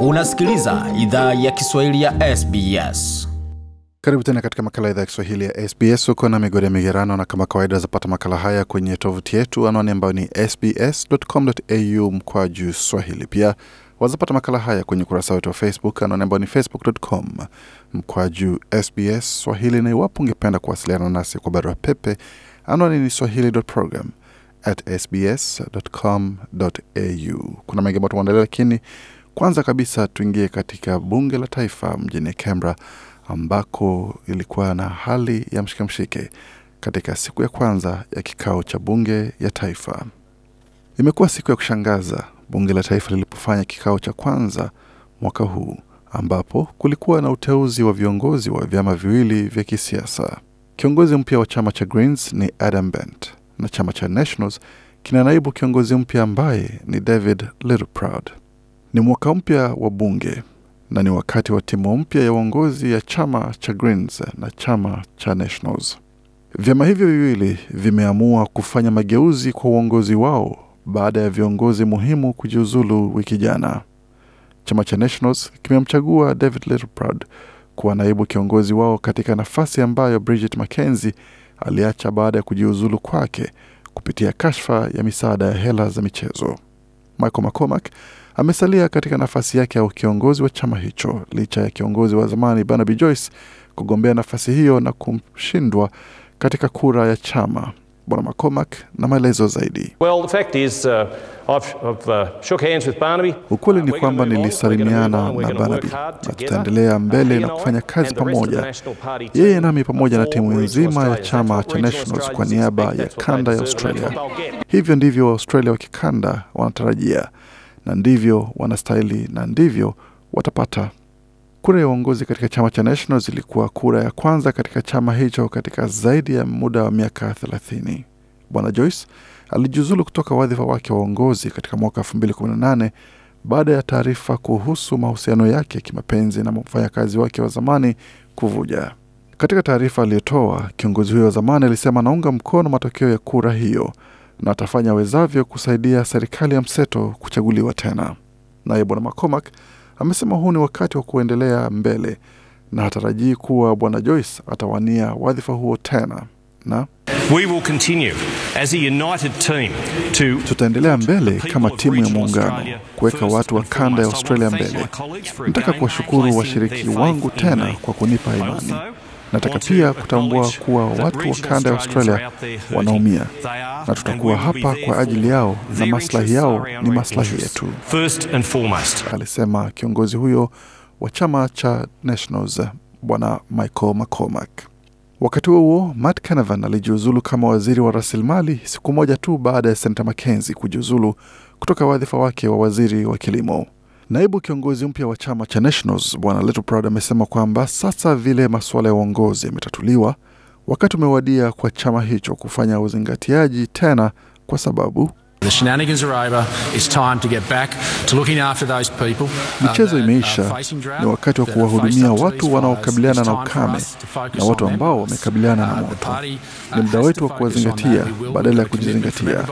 Unasikiliza idhaa ya Kiswahili ya SBS. Karibu tena katika makala idhaa ya Kiswahili ya SBS. Uko na migodi ya migerano, na kama kawaida zapata makala haya kwenye tovuti yetu, anwani ambayo ni sbs.com.au mkwa juu swahili. Pia wazapata makala haya kwenye ukurasa wetu wa Facebook, anwani ambayo ni facebook.com mkwa juu SBS Swahili, na iwapo ungependa kuwasiliana nasi kwa barua pepe, anwani ni swahili.program@sbs.com.au. Kuna mengi ambayo tumeandalia lakini kwanza kabisa tuingie katika bunge la taifa mjini Canberra ambako ilikuwa na hali ya mshikemshike katika siku ya kwanza ya kikao cha bunge ya taifa. Imekuwa siku ya kushangaza bunge la taifa lilipofanya kikao cha kwanza mwaka huu, ambapo kulikuwa na uteuzi wa viongozi wa vyama viwili vya kisiasa. Kiongozi mpya wa chama cha Greens ni Adam Bent na chama cha Nationals kina naibu kiongozi mpya ambaye ni David Littleproud. Ni mwaka mpya wa bunge na ni wakati wa timu mpya ya uongozi ya chama cha Greens na chama cha Nationals. Vyama hivyo viwili vimeamua kufanya mageuzi kwa uongozi wao baada ya viongozi muhimu kujiuzulu wiki jana. Chama cha Nationals kimemchagua David Littleproud kuwa naibu kiongozi wao katika nafasi ambayo Bridget McKenzie aliacha baada ya kujiuzulu kwake kupitia kashfa ya misaada ya hela za michezo. Michael McCormack amesalia katika nafasi yake ya kiongozi wa chama hicho licha ya kiongozi wa zamani Barnaby Joyce kugombea nafasi hiyo na kushindwa katika kura ya chama. Bwana McCormack na maelezo zaidi. Well, the fact is, uh, I've, I've, uh, shook hands with Barnaby. Ukweli uh, ni kwamba nilisalimiana na Barnaby na tutaendelea uh, mbele na kufanya kazi pamoja, yeye nami pamoja na timu nzima ya chama cha Nationals kwa niaba ya kanda ya Australia. Hivyo ndivyo waustralia wa kikanda wanatarajia na ndivyo wanastahili na ndivyo watapata. Kura ya uongozi katika chama cha National zilikuwa kura ya kwanza katika chama hicho katika zaidi ya muda wa miaka 30. Bwana Joyce alijiuzulu kutoka wadhifa wake wa uongozi katika mwaka nane baada ya taarifa kuhusu mahusiano yake ya kimapenzi na mfanyakazi wake wa zamani kuvuja. Katika taarifa aliyotoa, kiongozi huyo wa zamani alisema anaunga mkono matokeo ya kura hiyo na atafanya wezavyo kusaidia serikali ya mseto kuchaguliwa tena. Naye Bwana McCormack amesema huu ni wakati wa kuendelea mbele na hatarajii kuwa Bwana Joyce atawania wadhifa huo tena na tutaendelea mbele kama timu ya muungano kuweka watu wa kanda ya Australia mbele. Nataka kuwashukuru washiriki wangu tena kwa kunipa imani Nataka pia kutambua kuwa watu wa kanda ya Australia wanaumia na tutakuwa hapa kwa ajili yao na maslahi yao ni maslahi yetu, alisema kiongozi huyo wa chama cha Nationals Bwana Michael McCormack. Wakati huo huo, Matt Canavan alijiuzulu kama waziri wa rasilimali siku moja tu baada ya Senata Mackenzie kujiuzulu kutoka wadhifa wake wa waziri wa kilimo. Naibu kiongozi mpya wa chama cha Nationals Bwana Leto Proud amesema kwamba sasa vile masuala ya uongozi yametatuliwa, wakati umewadia kwa chama hicho kufanya uzingatiaji tena, kwa sababu Uh, Michezo uh, imeisha, ni wakati wa kuwahudumia watu wanaokabiliana na ukame na watu ambao wamekabiliana na uh, moto. Ni muda wetu wa kuwazingatia badala ya kujizingatia.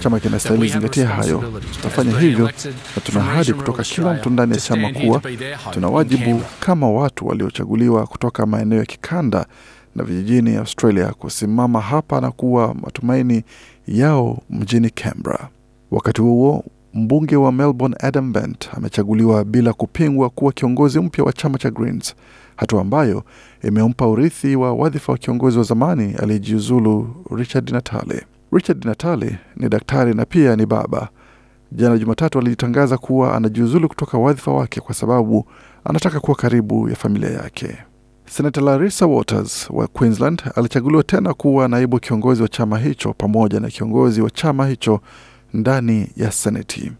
Chama kinastahili zingatia hayo. Tutafanya hivyo, na tuna ahadi kutoka kila mtu ndani ya chama kuwa tuna wajibu kama watu waliochaguliwa kutoka maeneo ya kikanda na vijijini Australia kusimama hapa na kuwa matumaini yao mjini Canberra. Wakati huo mbunge wa Melbourne Adam Bent amechaguliwa bila kupingwa kuwa kiongozi mpya wa chama cha Greens, hatua ambayo imempa urithi wa wadhifa wa kiongozi wa zamani aliyejiuzulu Richard Natale. Richard Natale ni daktari na pia ni baba. Jana Jumatatu alijitangaza kuwa anajiuzulu kutoka wadhifa wake kwa sababu anataka kuwa karibu ya familia yake. Senata Larissa Waters wa Queensland alichaguliwa tena kuwa naibu kiongozi wa chama hicho pamoja na kiongozi wa chama hicho ndani ya seneti.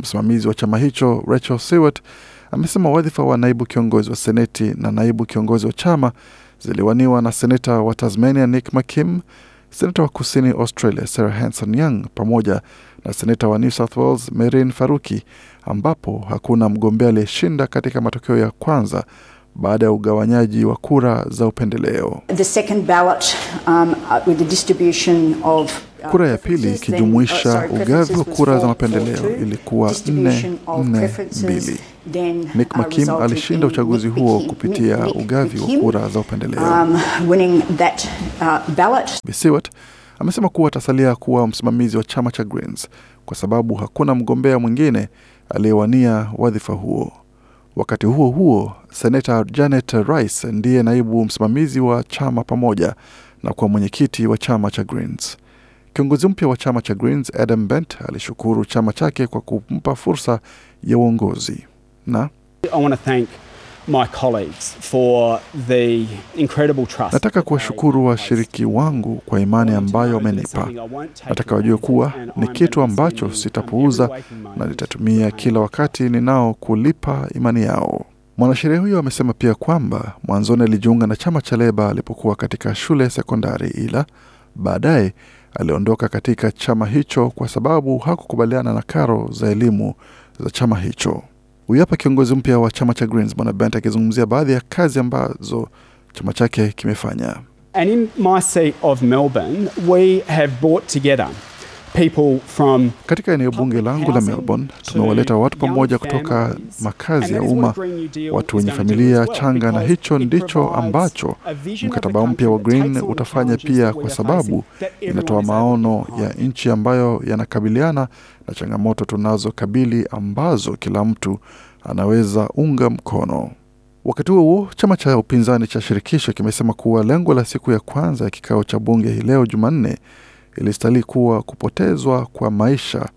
Msimamizi wa chama hicho Rachel sewart amesema wadhifa wa naibu kiongozi wa seneti na naibu kiongozi wa chama ziliwaniwa na seneta wa Tasmania Nick McKim, seneta wa kusini Australia Sarah Hanson Young pamoja na seneta wa New South Wales Merin Faruki, ambapo hakuna mgombea aliyeshinda katika matokeo ya kwanza baada ya ugawanyaji wa kura za upendeleo. The second ballot, um, uh, with the distribution of uh, Kura ya pili ikijumuisha uh, ugavi wa kura za mapendeleo ilikuwa nne nne mbili. McKim alishinda uchaguzi huo kupitia ugavi wa kura za upendeleo. Bisiwat um, amesema kuwa atasalia kuwa msimamizi wa chama cha Greens kwa sababu hakuna mgombea mwingine aliyewania wadhifa huo. Wakati huo huo, senata Janet Rice ndiye naibu msimamizi wa chama pamoja na kuwa mwenyekiti wa chama cha Greens. Kiongozi mpya wa chama cha Greens Adam Bent alishukuru chama chake kwa kumpa fursa ya uongozi na I Nataka kuwashukuru washiriki wangu kwa imani ambayo wamenipa. Nataka wajue kuwa ni kitu ambacho sitapuuza na nitatumia kila wakati ninao kulipa imani yao. Mwanasheria huyo amesema pia kwamba mwanzoni alijiunga na chama cha Leba alipokuwa katika shule ya sekondari, ila baadaye aliondoka katika chama hicho kwa sababu hakukubaliana na karo za elimu za chama hicho. Huyu hapa kiongozi mpya wa chama cha Greens Bwana Bent akizungumzia baadhi ya kazi ambazo chama chake kimefanya. And in my seat of Melbourne, we have brought together katika eneo bunge langu la Melbourne tumewaleta watu pamoja kutoka makazi ya umma, watu wenye familia changa, na hicho ndicho ambacho mkataba mpya wa Green utafanya pia, kwa sababu inatoa maono ya nchi ambayo yanakabiliana na changamoto tunazokabili ambazo kila mtu anaweza unga mkono. Wakati huo huo, chama cha upinzani cha shirikisho kimesema kuwa lengo la siku ya kwanza ya kikao cha bunge hii leo Jumanne ilistahili kuwa kupotezwa kwa maisha,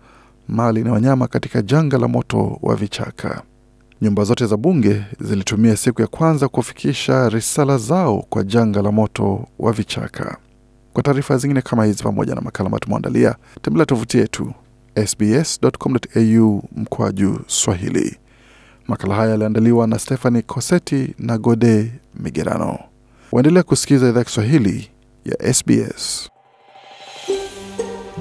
mali na wanyama katika janga la moto wa vichaka. Nyumba zote za bunge zilitumia siku ya kwanza kufikisha risala zao kwa janga la moto wa vichaka. Kwa taarifa zingine kama hizi pamoja na makala ambayo tumeandalia, tembelea tovuti yetu sbs.com.au mkwa juu Swahili. Makala haya yaliandaliwa na stephani Coseti na Gode Migerano. Waendelea kusikiliza idhaa ya Kiswahili ya SBS.